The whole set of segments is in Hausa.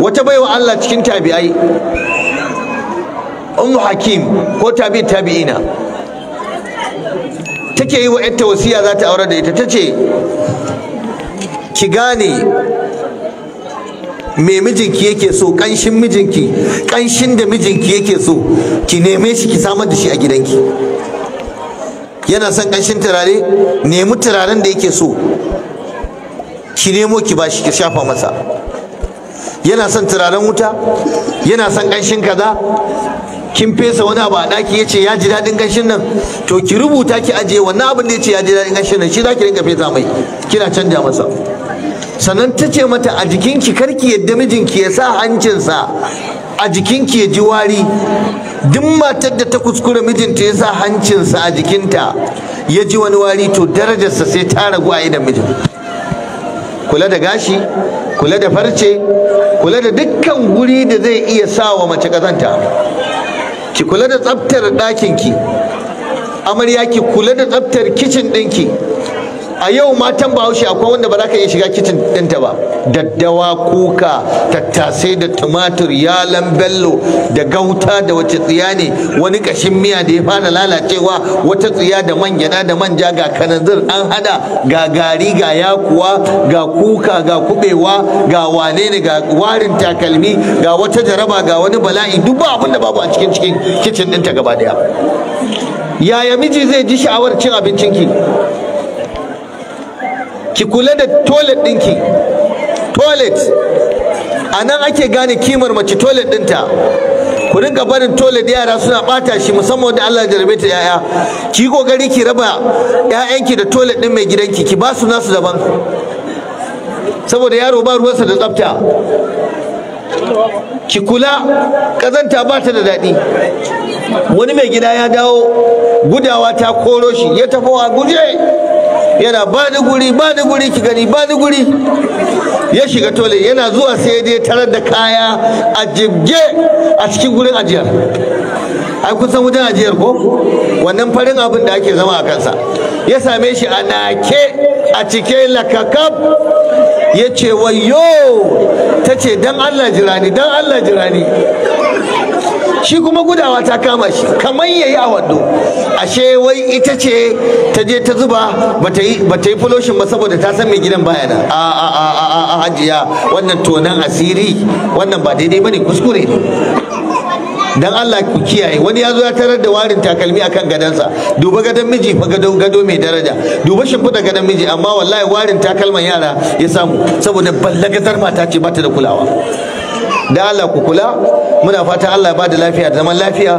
wata baiwa Allah cikin tabi'ai ummu hakim ko tabi'i tabi'ina take yi wa yarta wasiya za ta aure da ita ta ce ki gane me mijinki yake so kanshin mijinki kanshin da mijinki yake so ki neme shi ki samar da shi a gidanki yana son kanshin turare nemi turaren da yake so ki nemo ki ba shi ki shafa masa yana son turaren wuta yana son ƙanshin kaza kin fesa wani abu a ɗaki ya ce ya ji daɗin ƙanshin nan to ki rubuta ki ajiye wannan abin da ya ce ya ji daɗin ƙanshin nan shi za ki rinka fesa mai kina canja masa sannan ta ce mata a jikinki karki yadda mijinki ya sa hancinsa a jikinki ya ji wari duk matar da ta kuskure mijinta ya sa hancinsa a jikinta ya ji wani wari to darajarsa sai ta ragu a idan mijin kula da gashi kula da farce kula da dukkan guri da zai iya sa wa mace kazanta ki kula da tsaftar ki amarya ki kula da tsaftar kicin ɗinki a yau matan bahaushe akwai wanda ba za ka iya shiga kicin ɗinta ba daddawa kuka tattasai da tumatur yalan bello da gauta da wace tsiya ne wani kashin miya da ya fara lalacewa wata tsiya da man da manja ga kananzir an hada ga gari ga yakuwa ga kuka ga kubewa ga wane ne ga warin takalmi ga wata jaraba ga wani bala'i duk ba abin babu a cikin cikin kicin ɗinta gaba daya yaya miji zai ji sha'awar cin abincinki ki kula da toilet ɗinki toilet a nan ake gane kimar mace toilet ɗinta ku dinga barin toilet yara suna bata shi musamman da Allah jarabe ta yaya ki kokari ki raba yayanki da toilet din mai gidanki ki ba su nasu daban saboda yaro ba ruwansa da tsafta ki kula kazanta ba ta da daɗi wani mai gida ya dawo gudawa ta koro shi ya tafi wa guje yana ba da guri ba da guri ki gani ba da guri ya shiga tole yana zuwa sai dai tarar da kaya a jibge a cikin gurin ajiyar ai kusan wajen ajiyar ko wannan farin abin da ake zama a kansa ya same shi a nake a cike lakakab ya ce wayo ta ce don allah jirani don allah jirani shi kuma gudawa ta kama shi kamar yayi a wando ashe wai ita ce ta je ta zuba bata yi yi fuloshin ba saboda ta san mai gidan baya nan a a a a a hajiya wannan tonan asiri wannan ba daidai bane kuskure ne dan Allah ku kiyaye wani ya zo ya tarar da warin takalmi akan gadansa duba gadon miji fa gado gado mai daraja duba shimfiɗa gadan miji amma wallahi warin takalman yara ya samu saboda ballagatar mata ce bata da kulawa da Allah ku kula muna fata Allah ya bada lafiya da zaman lafiya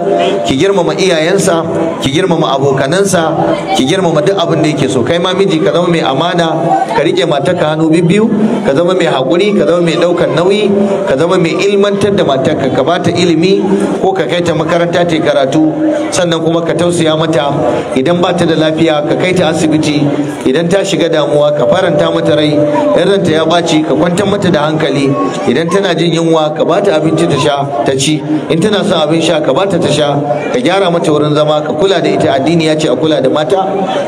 ki girmama iyayensa ki girmama abokanansa ki girmama duk abin da yake so kai ma miji ka zama mai amana ka rike matarka hannu bibbiyu ka zama mai hakuri ka zama mai daukan nauyi ka zama mai ilmantar da matarka ka bata ilimi ko ka kai ta makaranta ta karatu sannan kuma ka tausaya mata idan ba ta da lafiya ka kai ta asibiti idan ta shiga damuwa ka faranta mata rai in ranta ya ɓaci ka kwantar mata da hankali idan tana jin yunwa ka bata abinci ta sha ta ci in tana son abin sha ka bata ta sha ka gyara mata wurin zama ka kula da ita addini ya ce a kula da mata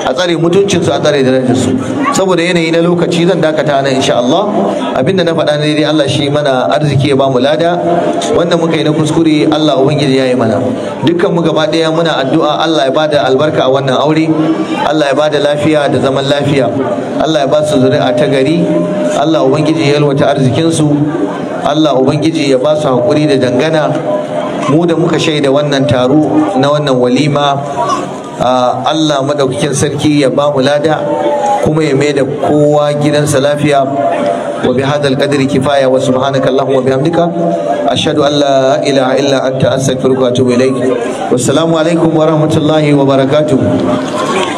a tsare mutuncinsu a tsare darajarsu saboda yanayi na lokaci zan dakata nan insha Allah abinda na faɗa ne dai Allah shi mana arziki ya bamu lada wanda muka yi na kuskure Allah ubangiji ya yi mana dukkan mu gaba ɗaya muna addu'a Allah ya bada albarka a wannan aure Allah ya bada lafiya da zaman lafiya Allah ya ba su zuri'a ta gari Allah ubangiji ya yalwata arzikinsu Allah ubangiji ya ba su hakuri da dangana mu da muka shaida wannan taro na wannan walima Allah madaukakin sarki ya ba mu lada kuma ya mai da kowa gidansa lafiya wa bi hadal qadri kifaya wa subhanaka allahumma wa bihamdika ashhadu an la ilaha illa anta astaghfiruka wa atubu ilaik wassalamu alaikum wa rahmatullahi wa barakatuh